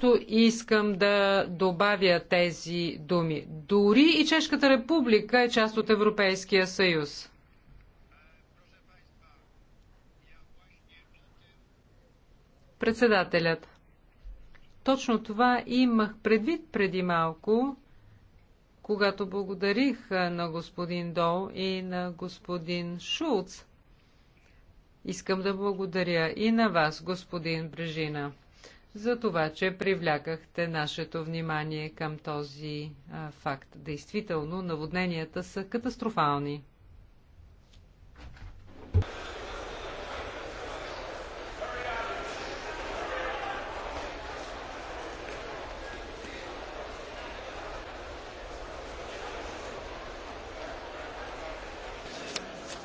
Просто искам да добавя тези думи. Дори и Чешката република е част от Европейския съюз. Председателят. Точно това имах предвид преди малко, когато благодарих на господин Дол и на господин Шулц. Искам да благодаря и на вас, господин Брежина за това, че привлякахте нашето внимание към този а, факт. Действително, наводненията са катастрофални.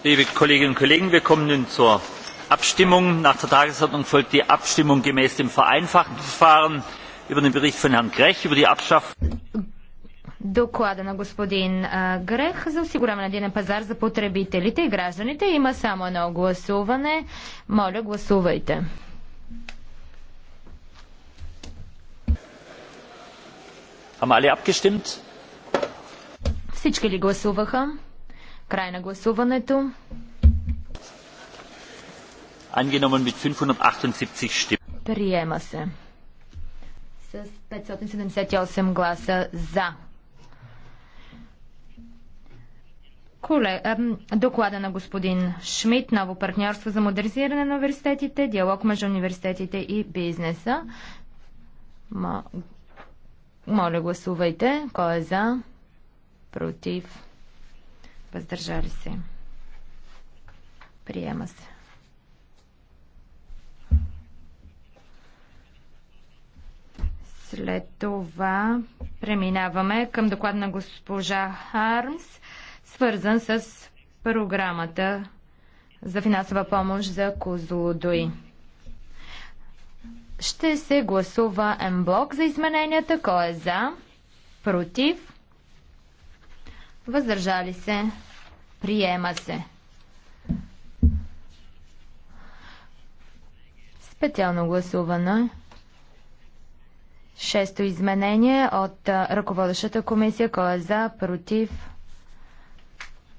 Liebe Kolleginnen und Kollegen, wir kommen nun zur abstimmung. nach der tagesordnung folgt die abstimmung gemäß dem vereinfachten verfahren über den bericht von herrn grech über die abschaffung доклада на господин а, Грех за осигуряване на един пазар за потребителите и гражданите. Има само едно гласуване. Моля, гласувайте. Всички ли гласуваха? Край на гласуването. Angenommen mit 578 Stimmen. Приема се. С 578 гласа за. Коле, доклада на господин Шмидт, ново партньорство за модернизиране на университетите, диалог между университетите и бизнеса. моля, гласувайте. Кой е за? Против? Въздържали се? Приема се. След това преминаваме към доклад на госпожа Хармс, свързан с програмата за финансова помощ за Козлодой. Ще се гласува М-блок за измененията. Кой е за? Против? Въздържали се? Приема се. Специално гласуване Шесто изменение от ръководещата комисия. Кой е за, против,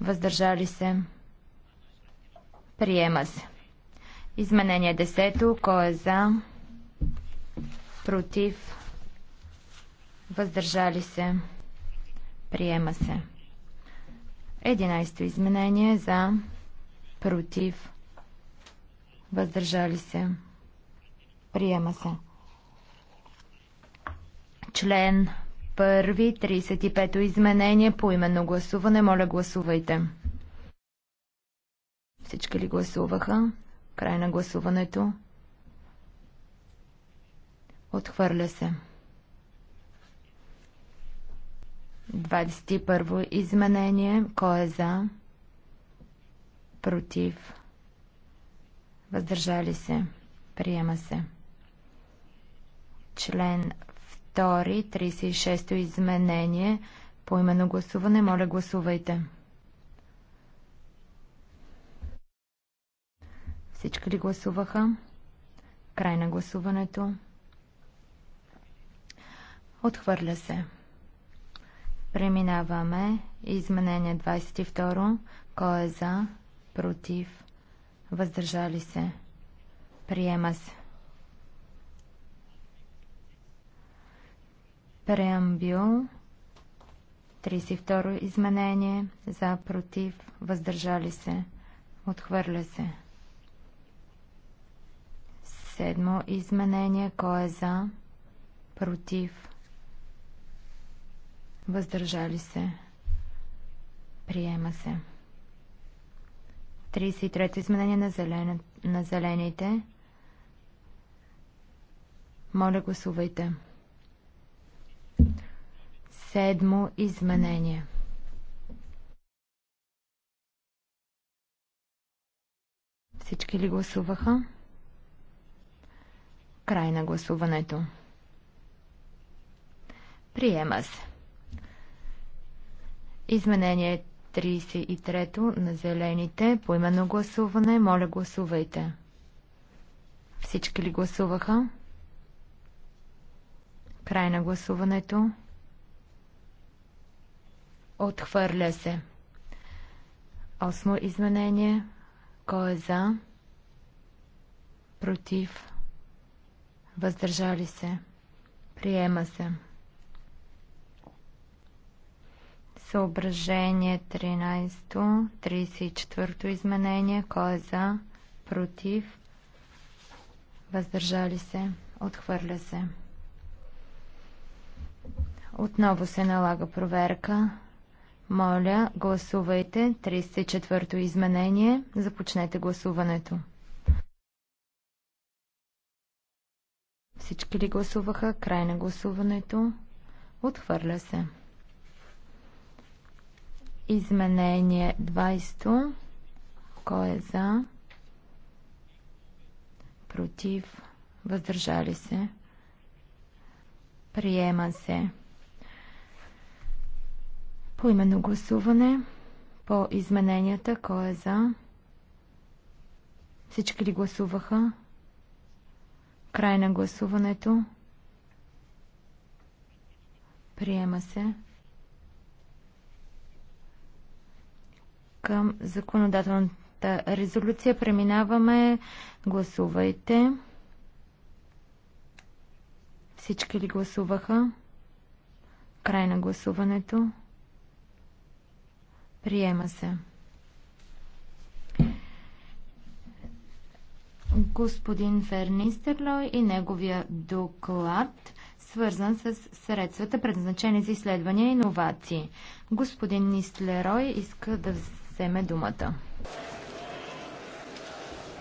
въздържали се. Приема се. Изменение 10. Кой е за, против, въздържали се. Приема се. Единайсто изменение за, против, въздържали се. Приема се. Член първи, 35-то изменение по именно гласуване. Моля, гласувайте. Всички ли гласуваха? Край на гласуването. Отхвърля се. 21 изменение. Кой е за? Против. Въздържали се. Приема се. Член втори, 36-то изменение по именно гласуване. Моля, гласувайте. Всички ли гласуваха? Край на гласуването. Отхвърля се. Преминаваме изменение 22. Кой е за? Против? Въздържали се? Приема се. Преамбюл 32 изменение за против въздържали се отхвърля се. Седмо изменение кой е за против въздържали се приема се. 33 изменение на, зелен... на зелените моля гласувайте. Седмо изменение. Всички ли гласуваха? Край на гласуването. Приема се. Изменение 33 на зелените. По именно гласуване. Моля, гласувайте. Всички ли гласуваха? Край на гласуването. Отхвърля се. Осмо изменение. Кой е за? Против. Въздържали се. Приема се. Съображение 13. 34 изменение. Кой е за? Против. Въздържали се. Отхвърля се. Отново се налага проверка. Моля, гласувайте 34-то изменение. Започнете гласуването. Всички ли гласуваха? Край на гласуването. Отхвърля се. Изменение 20. Кой е за? Против? Въздържали се? Приема се. По именно гласуване по измененията. Кой е за? Всички ли гласуваха? Край на гласуването. Приема се. Към законодателната резолюция преминаваме. Гласувайте. Всички ли гласуваха? Край на гласуването. Приема се. Господин Фернистерло и неговия доклад, свързан с средствата, предназначени за изследвания и иновации. Господин Нистлерой иска да вземе думата.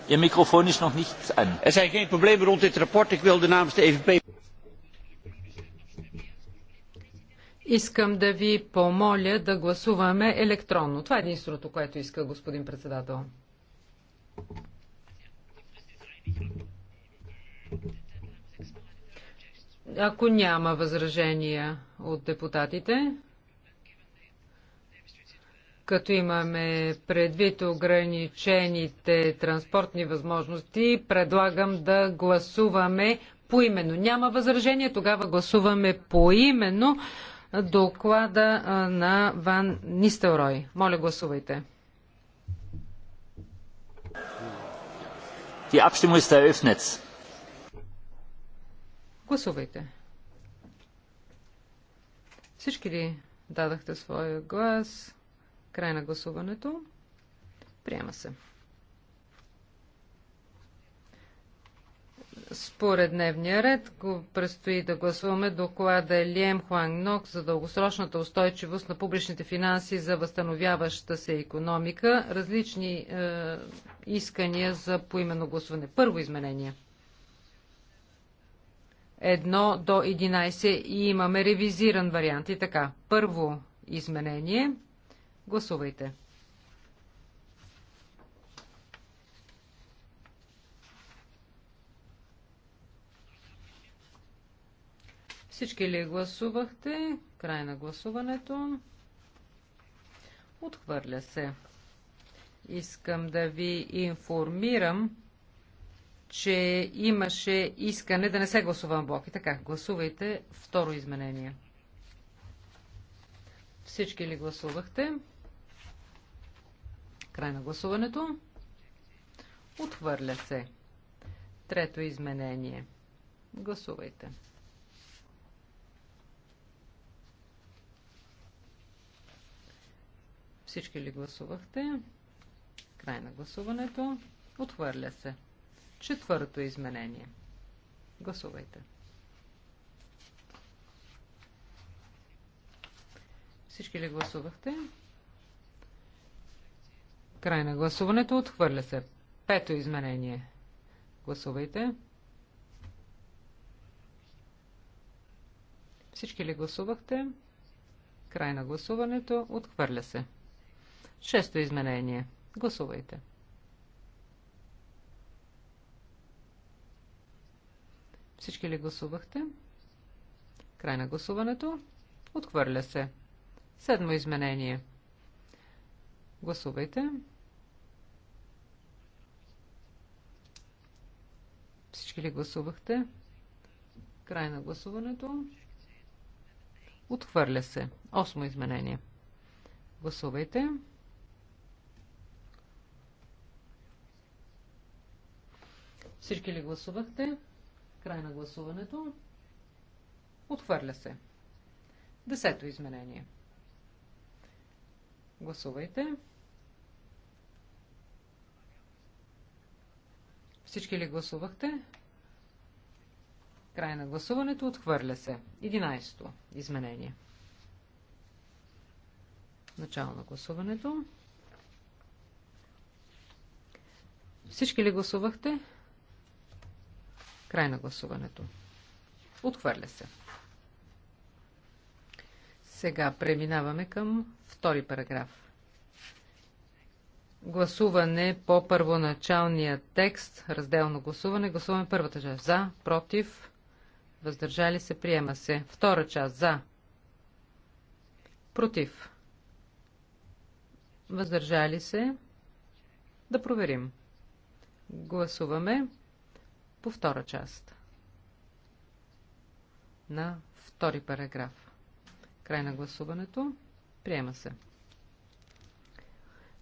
Ihr Mikrofon ist noch nicht an. Er zijn geen problemen rond dit rapport. Ik wil namens de EVP Искам да ви помоля да гласуваме електронно. Това е единственото, което иска господин председател. Ако няма възражения от депутатите, като имаме предвид ограничените транспортни възможности, предлагам да гласуваме поименно. Няма възражение, тогава гласуваме поименно доклада на Ван Нистелрой. Моля, гласувайте. Гласувайте. Всички ли дадахте своя глас? Край на гласуването. Приема се. Според дневния ред предстои да гласуваме доклада Лием Хуанг Нок за дългосрочната устойчивост на публичните финанси за възстановяваща се економика. Различни е, искания за поименно гласуване. Първо изменение. Едно до 11 и имаме ревизиран вариант и така. Първо изменение. Гласувайте. Всички ли гласувахте? Край на гласуването. Отхвърля се. Искам да ви информирам, че имаше искане да не се гласува на блок. И така, гласувайте второ изменение. Всички ли гласувахте? Край на гласуването. Отхвърля се. Трето изменение. Гласувайте. Всички ли гласувахте? Край на гласуването. Отхвърля се. Четвърто изменение. Гласувайте. Всички ли гласувахте? Край на гласуването. Отхвърля се. Пето изменение. Гласувайте. Всички ли гласувахте? Край на гласуването. Отхвърля се. Шесто изменение. Гласувайте. Всички ли гласувахте? Край на гласуването. Отхвърля се. Седмо изменение. Гласувайте. Всички ли гласувахте? Край на гласуването. Отхвърля се. Осмо изменение. Гласувайте. Гласувайте. Всички ли гласувахте? Край на гласуването. Отхвърля се. Десето изменение. Гласувайте. Всички ли гласувахте? Край на гласуването. Отхвърля се. 11 изменение. Начало на гласуването. Всички ли гласувахте? Край на гласуването. Отхвърля се. Сега преминаваме към втори параграф. Гласуване по първоначалния текст, разделно гласуване. Гласуваме първата част. За, против, въздържали се, приема се. Втора част. За, против, въздържали се. Да проверим. Гласуваме по втора част на втори параграф. Край на гласуването. Приема се.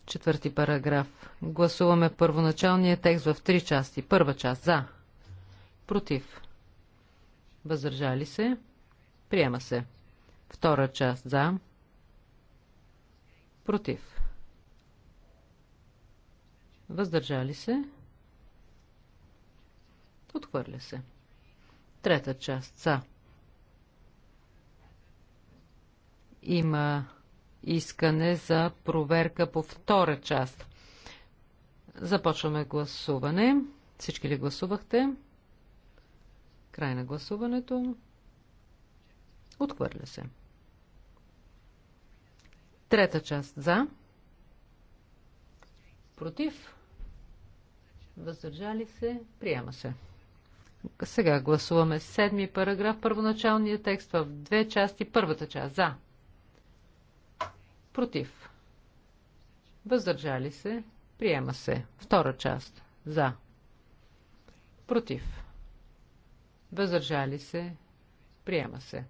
Четвърти параграф. Гласуваме първоначалния текст в три части. Първа част за. Против. Въздържали се. Приема се. Втора част за. Против. Въздържали се. Отхвърля се. Трета част за. Има искане за проверка по втора част. Започваме гласуване. Всички ли гласувахте? Край на гласуването. Отхвърля се. Трета част за. Против. Въздържали се. Приема се. Сега гласуваме седми параграф, първоначалния текст в две части. Първата част за. Против. Въздържали се. Приема се. Втора част. За. Против. Въздържали се. Приема се.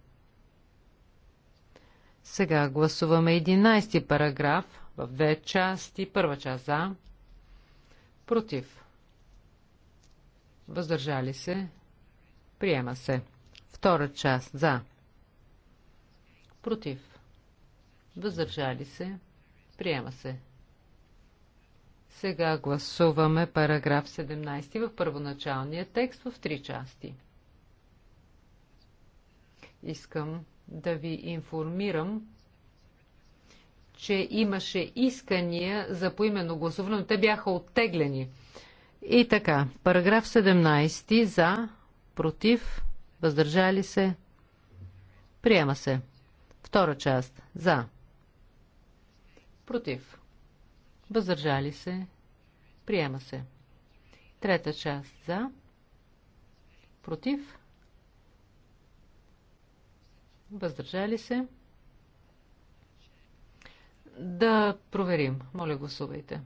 Сега гласуваме 11 параграф в две части. Първа част за. Против. Въздържали се. Приема се. Втора част. За. Против. Въздържали се. Приема се. Сега гласуваме параграф 17 в първоначалния текст в три части. Искам да ви информирам, че имаше искания за поименно гласуване, но те бяха оттеглени. И така, параграф 17 за, против, въздържали се, приема се. Втора част за, против, въздържали се, приема се. Трета част за, против, въздържали се. Да проверим. Моля, гласувайте.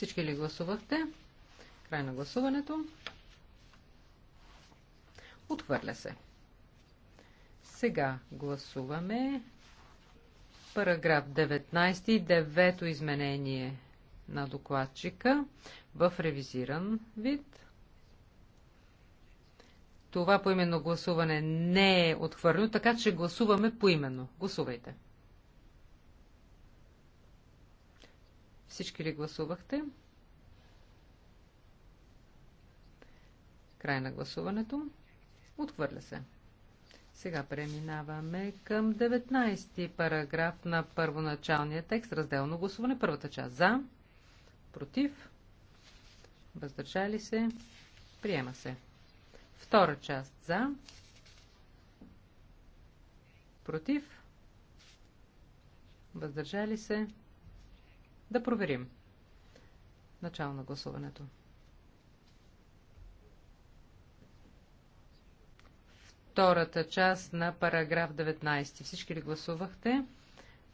Всички ли гласувахте? Край на гласуването. Отхвърля се. Сега гласуваме параграф 19 и девето изменение на докладчика в ревизиран вид. Това поименно гласуване не е отхвърлено, така че гласуваме поименно. Гласувайте. Всички ли гласувахте? Край на гласуването. Отхвърля се. Сега преминаваме към 19 параграф на първоначалния текст. Разделно гласуване. Първата част за, против, въздържали се, приема се. Втора част за, против, въздържали се, да проверим. Начало на гласуването. Втората част на параграф 19. Всички ли гласувахте?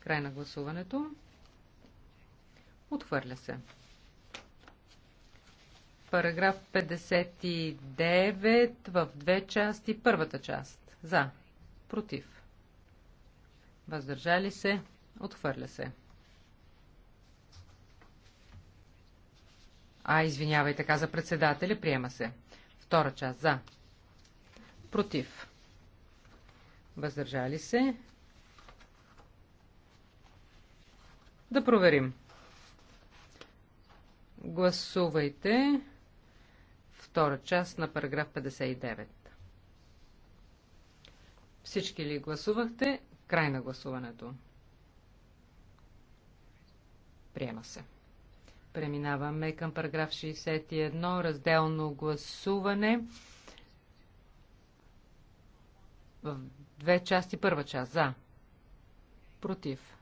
Край на гласуването. Отхвърля се. Параграф 59 в две части. Първата част. За. Против. Въздържали се. Отхвърля се. А, извинявайте, каза председателя, приема се. Втора част, за. Против. Въздържали се. Да проверим. Гласувайте втора част на параграф 59. Всички ли гласувахте? Край на гласуването. Приема се. Преминаваме към параграф 61, разделно гласуване. В две части. Първа част. За. Против.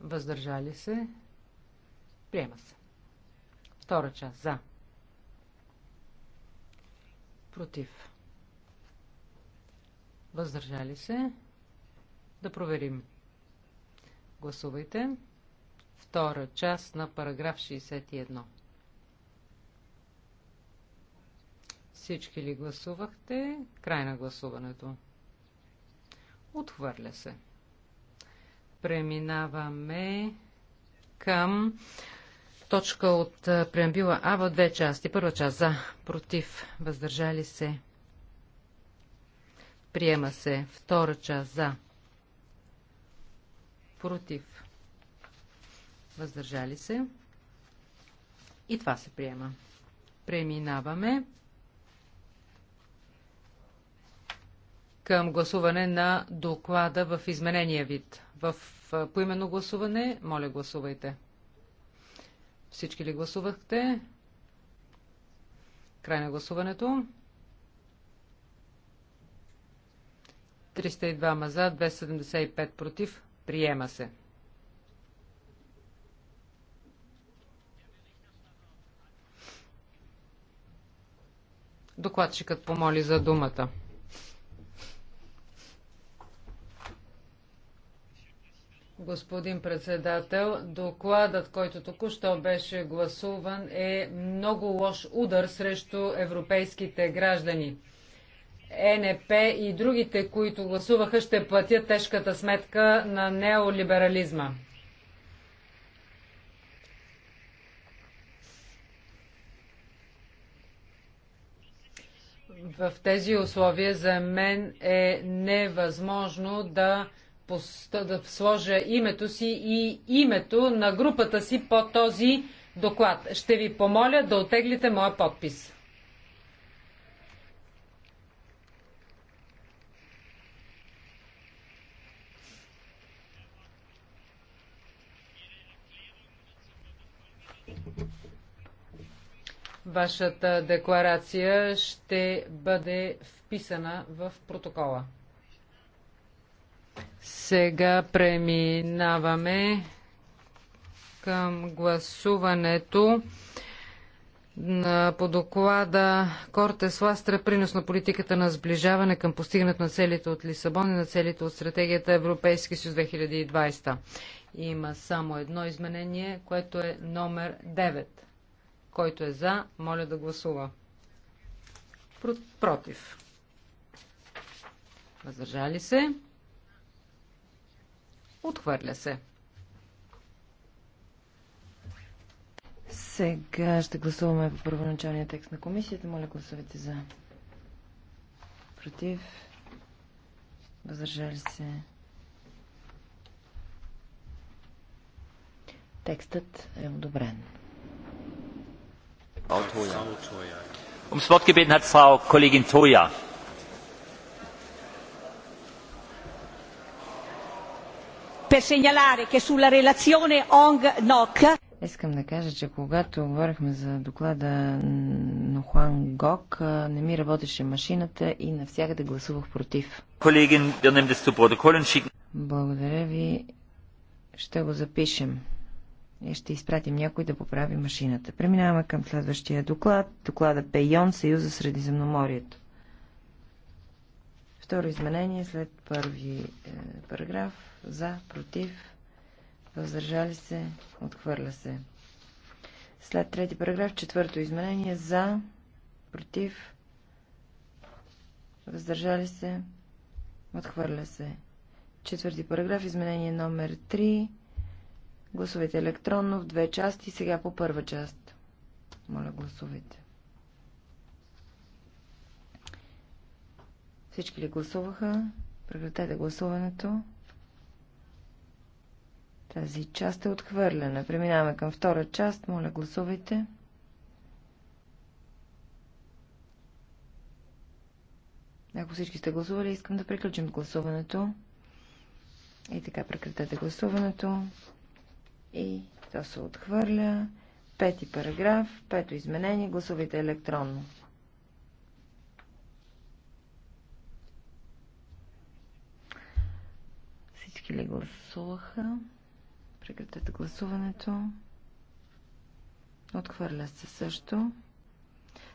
Въздържали се. Приема се. Втора част. За. Против. Въздържали се. Да проверим. Гласувайте втора част на параграф 61. Всички ли гласувахте? Край на гласуването. Отхвърля се. Преминаваме към точка от преамбила А в две части. Първа част за, против, въздържали се. Приема се. Втора част за, против, въздържали се. И това се приема. Преминаваме към гласуване на доклада в изменения вид. В поименно гласуване, моля гласувайте. Всички ли гласувахте? Край на гласуването. 302 за, 275 против. Приема се. Докладчикът помоли за думата. Господин председател, докладът, който току-що беше гласуван, е много лош удар срещу европейските граждани. ЕНП и другите, които гласуваха, ще платят тежката сметка на неолиберализма. в тези условия за мен е невъзможно да, да сложа името си и името на групата си по този доклад. Ще ви помоля да отеглите моя подпис. Вашата декларация ще бъде вписана в протокола. Сега преминаваме към гласуването на, по доклада Кортес Ластра принос на политиката на сближаване към постигането на целите от Лисабон и на целите от стратегията Европейски съюз 2020. Има само едно изменение, което е номер 9. Който е за, моля да гласува. Против. Въздържали се. Отхвърля се. Сега ще гласуваме по първоначалния текст на комисията. Моля гласувайте за. Против. Въздържали се. Текстът е одобрен ums wort gebeten hat frau kollegin toia. per segnalare che sulla relazione Ong Nok Искам да кажа, че когато говорихме за доклада на Хуан Гок, не ми работеше машината и навсякъде гласувах против. Благодаря ви. Ще го запишем. И ще изпратим някой да поправи машината. Преминаваме към следващия доклад. Доклада Пейон, Съюза Средиземноморието. Второ изменение след първи е, параграф. За, против, въздържали се, отхвърля се. След трети параграф, четвърто изменение. За, против, въздържали се, отхвърля се. Четвърти параграф, изменение номер 3. Гласувайте електронно в две части. Сега по първа част. Моля, гласувайте. Всички ли гласуваха? Прекратете гласуването. Тази част е отхвърлена. Преминаваме към втора част. Моля, гласувайте. Ако всички сте гласували, искам да приключим гласуването. И така, прекратете гласуването. И то се отхвърля. Пети параграф, пето изменение, гласувайте електронно. Всички ли гласуваха? Прекратете гласуването. Отхвърля се също.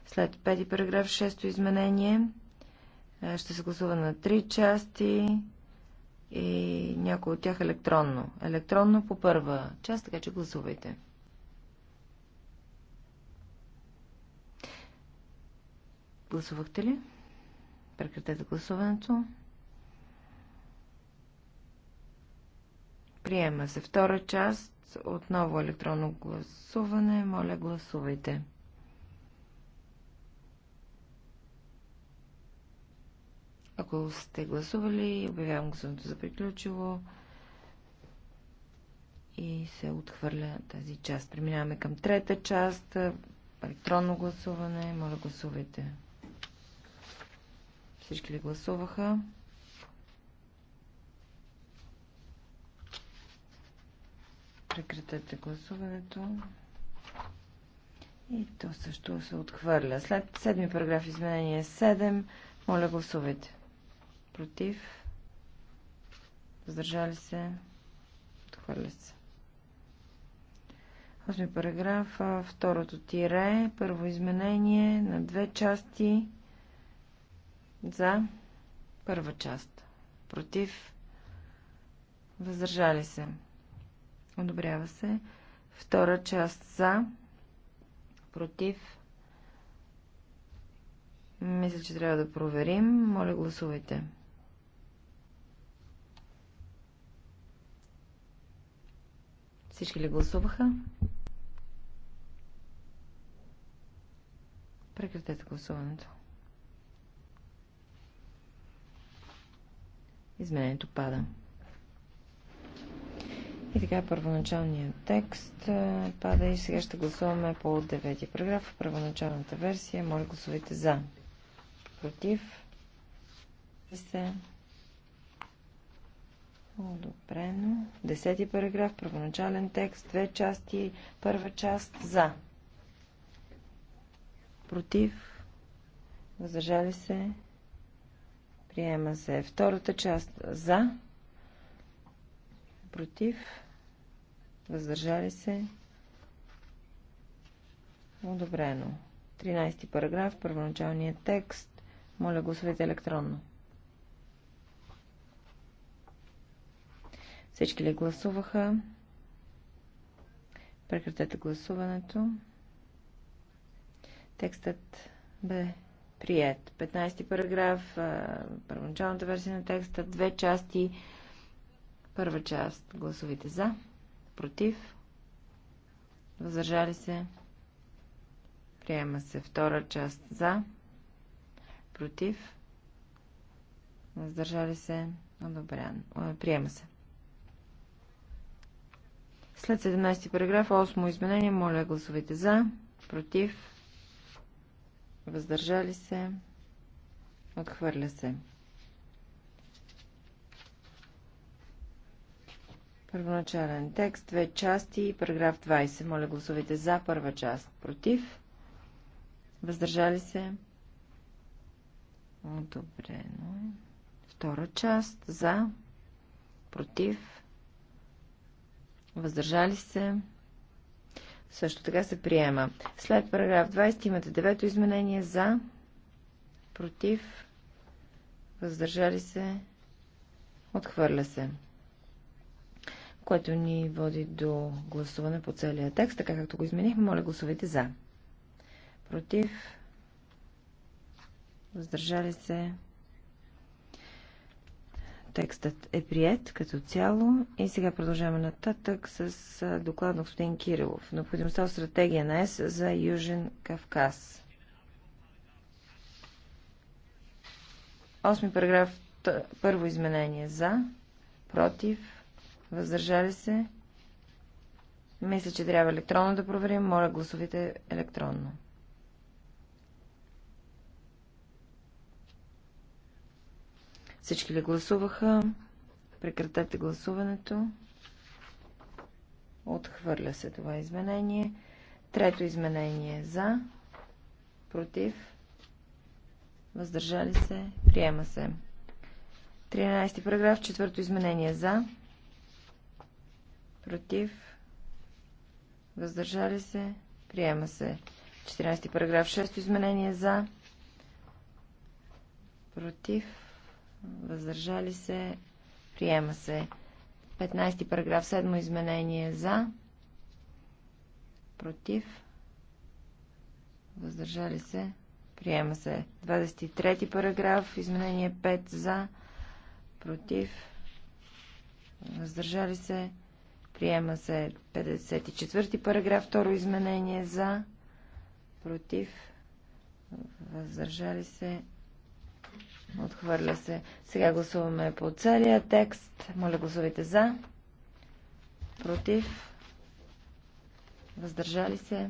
След пети параграф, шесто изменение, ще се гласува на три части и някои от тях електронно. Електронно по първа част, така че гласувайте. Гласувахте ли? Прекратете гласуването. Приема се втора част. Отново електронно гласуване. Моля, гласувайте. Ако сте гласували, обявявам гласуването за приключило и се отхвърля тази част. Преминаваме към трета част. Електронно гласуване. Моля, гласувайте. Всички ли гласуваха? Прекратете гласуването. И то също се отхвърля. След седми параграф изменение 7, моля гласувайте против, въздържали се, отхвърля се. Осми параграф, второто тире, първо изменение на две части за първа част. Против, въздържали се. Одобрява се. Втора част за, против. Мисля, че трябва да проверим. Моля, гласувайте. Всички ли гласуваха? Прекратете гласуването. Изменението пада. И така първоначалният текст пада и сега ще гласуваме по 9 параграф. Първоначалната версия. Моля гласувайте за. Против. И се. Одобрено. Десети параграф, първоначален текст, две части, първа част за. Против. Въздържали се. Приема се. Втората част за. Против. Въздържали се. Одобрено. 13 параграф, първоначалният текст. Моля, гласувайте електронно. Всички ли гласуваха? Прекратете гласуването. Текстът бе прият. 15 ти параграф, първоначалната версия на текста, две части. Първа част гласовите за, против, въздържали се, приема се втора част за, против, въздържали се, одобрян, приема се. След 17 параграф, 8 изменение, моля гласувайте за, против, въздържали се, отхвърля се. Първоначален текст, две части, параграф 20. Моля гласувайте за първа част, против, въздържали се, одобрено е. Втора част, за, против, Въздържали се. Също така се приема. След параграф 20 имате девето изменение за, против, въздържали се, отхвърля се. Което ни води до гласуване по целия текст, така както го изменихме, моля гласувайте за. Против, въздържали се, Текстът е прият като цяло и сега продължаваме нататък с доклад на господин Кирилов. Необходимостта от стратегия на ЕС за Южен Кавказ. Осми параграф, първо изменение за, против, въздържали се. Мисля, че трябва електронно да проверим. Моля, гласовите електронно. Всички ли гласуваха? Прекратете гласуването. Отхвърля се това изменение. Трето изменение е за, против, въздържали се, приема се. 13 параграф, четвърто изменение е за, против, въздържали се, приема се. 14 параграф, 6 изменение е за, против, въздържали се, приема се. 15 параграф 7 изменение за, против, въздържали се, приема се. 23 параграф изменение 5 за, против, въздържали се, приема се. 54 параграф 2 изменение за, против, въздържали се, Отхвърля се. Сега гласуваме по целия текст. Моля гласувайте за. Против. Въздържали се.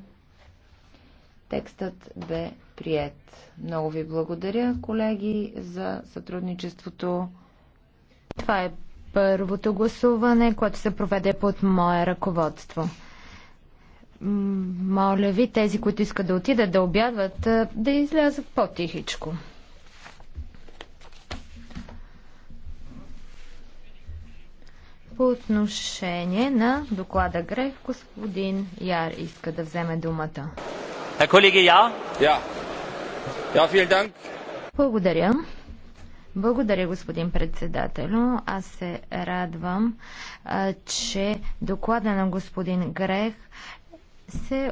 Текстът бе прият. Много ви благодаря, колеги, за сътрудничеството. Това е първото гласуване, което се проведе под мое ръководство. Моля ви, тези, които искат да отидат да обядват, да излязат по-тихичко. По отношение на доклада Грех, господин Яр иска да вземе думата. Колеги я? Я. Я, филдан. Благодаря. Благодаря, господин председател. Аз се радвам, че доклада на господин Грех се